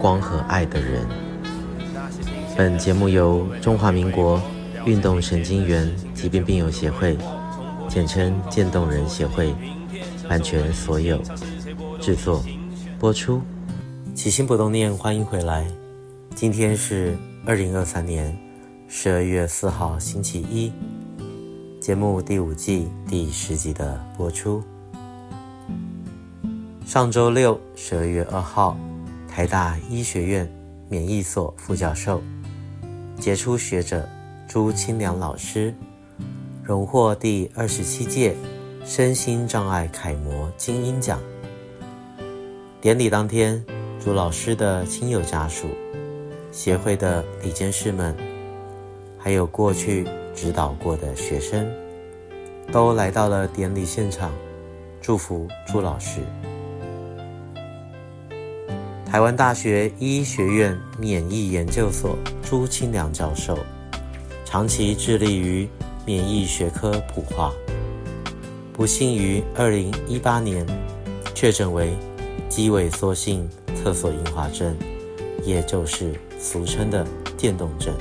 光和愛的人。本節目由中華民國運動神經元疾病病友協會，簡稱漸凍人協會，版權所有製作播出。起心不凍念，歡迎回來。今天是二零二三年十二月四號，星期一，節目第五季第十集的播出。上周六，十二月二號，台大醫學院免疫所副教授、傑出學者朱清良老師，榮獲第二十七屆身心障礙楷模金鷹獎。典禮當天，朱老師的親友家屬、協會的理監事們，還有過去指導過的學生，都來到了典禮現場，祝福朱老師。台灣大學醫學院免疫研究所朱清良教授，長期致力於免疫學科普化，不幸於二零一八年確診為肌萎縮性側索硬化症，也就是俗稱的“漸凍症”。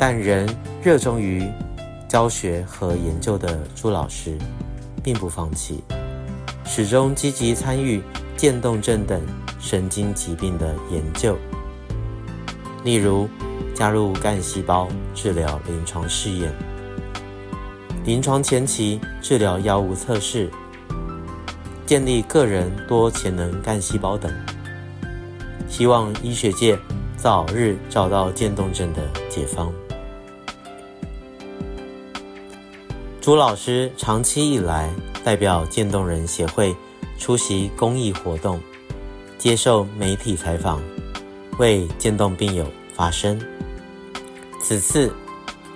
但仍熱衷於教學和研究的朱老師，並不放棄，始終積極參與。漸凍症等神經疾病的研究，例如加入幹細胞治療臨床試驗、臨床前期治療藥物測試、建立個人多潛能幹細胞等，希望醫學界早日找到漸凍症的解方。朱老師長期以來代表漸凍人協會。出席公益活動，接受媒體採訪，為漸凍病友發聲。此次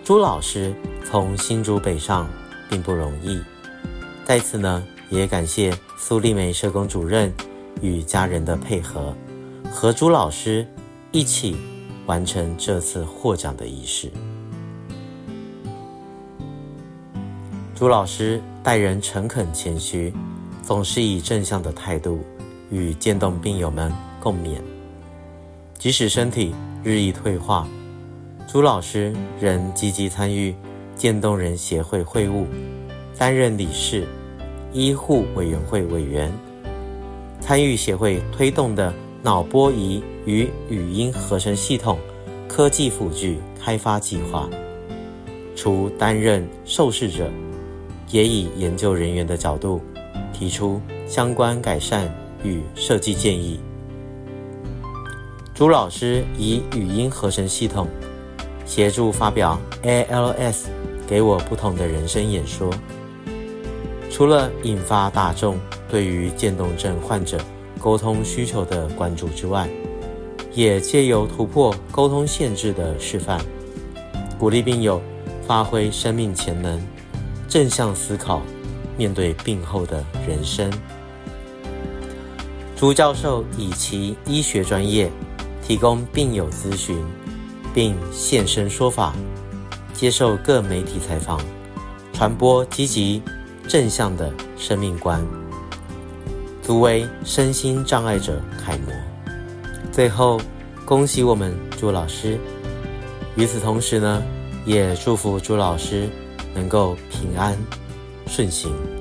朱老師從新竹北上並不容易，在此呢也感謝蘇麗梅社工主任與家人的配合，和朱老師一起完成這次獲獎的儀式。朱老師待人誠懇謙虛。總是以正向的態度與漸凍病友們共勉，即使身體日益退化，朱老師仍積極參與漸凍人協會會務，擔任理事、醫護委員會委員，參與協會推動的腦波儀與語音合成系統科技輔具開發計劃，除擔任受試者，也以研究人員的角度。提出相關改善與設計建議。朱老師以語音合成系統協助發表 ALS 給我不同的人生演說。除了引發大眾對於漸凍症患者溝通需求的關注之外，也借由突破溝通限制的示範，鼓勵病友發揮生命潛能，正向思考。面對病後的人生，朱教授以其醫學專業，提供病友諮詢，並現身說法，接受各媒體採訪，傳播積極正向的生命觀，足為身心障礙者楷模。最後，恭喜我們朱老師。與此同時呢，也祝福朱老師能夠平安順行順心。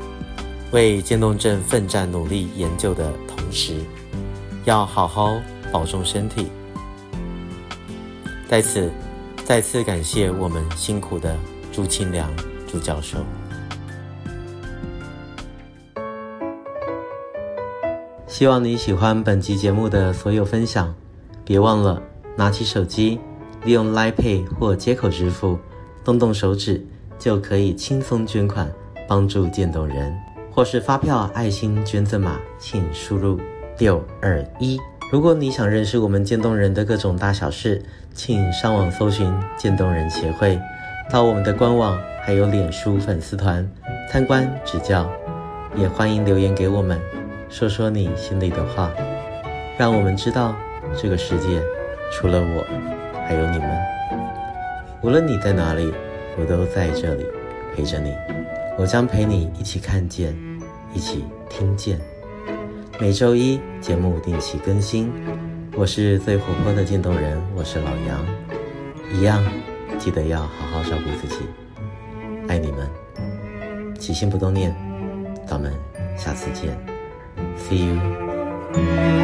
為漸凍症奮戰、努力研究的同時，要好好保重身體。在此再次感謝我們辛苦的朱清良朱教授。希望你喜歡本期節目的所有分享，別忘了拿起手機，利用 LINE Pay 或接口支付，動動手指就可以輕鬆捐款，幫助漸凍人。或是發票愛心捐贈碼，請輸入六二一。如果你想認識我們漸凍人的各種大小事，請上網搜尋漸凍人協會，到我們的官網還有臉書粉絲團參觀指教。也歡迎留言給我們，說說你心裡的話，讓我們知道這個世界除了我，還有你們。無論你在哪裡，我都在這裡陪着你。我將陪你一起看見，一起聽見。每週一節目定期更新。我是最活潑的漸凍人，我是老楊。一樣，記得要好好照顧自己。愛你們，起心不凍念，咱們下次見。See you.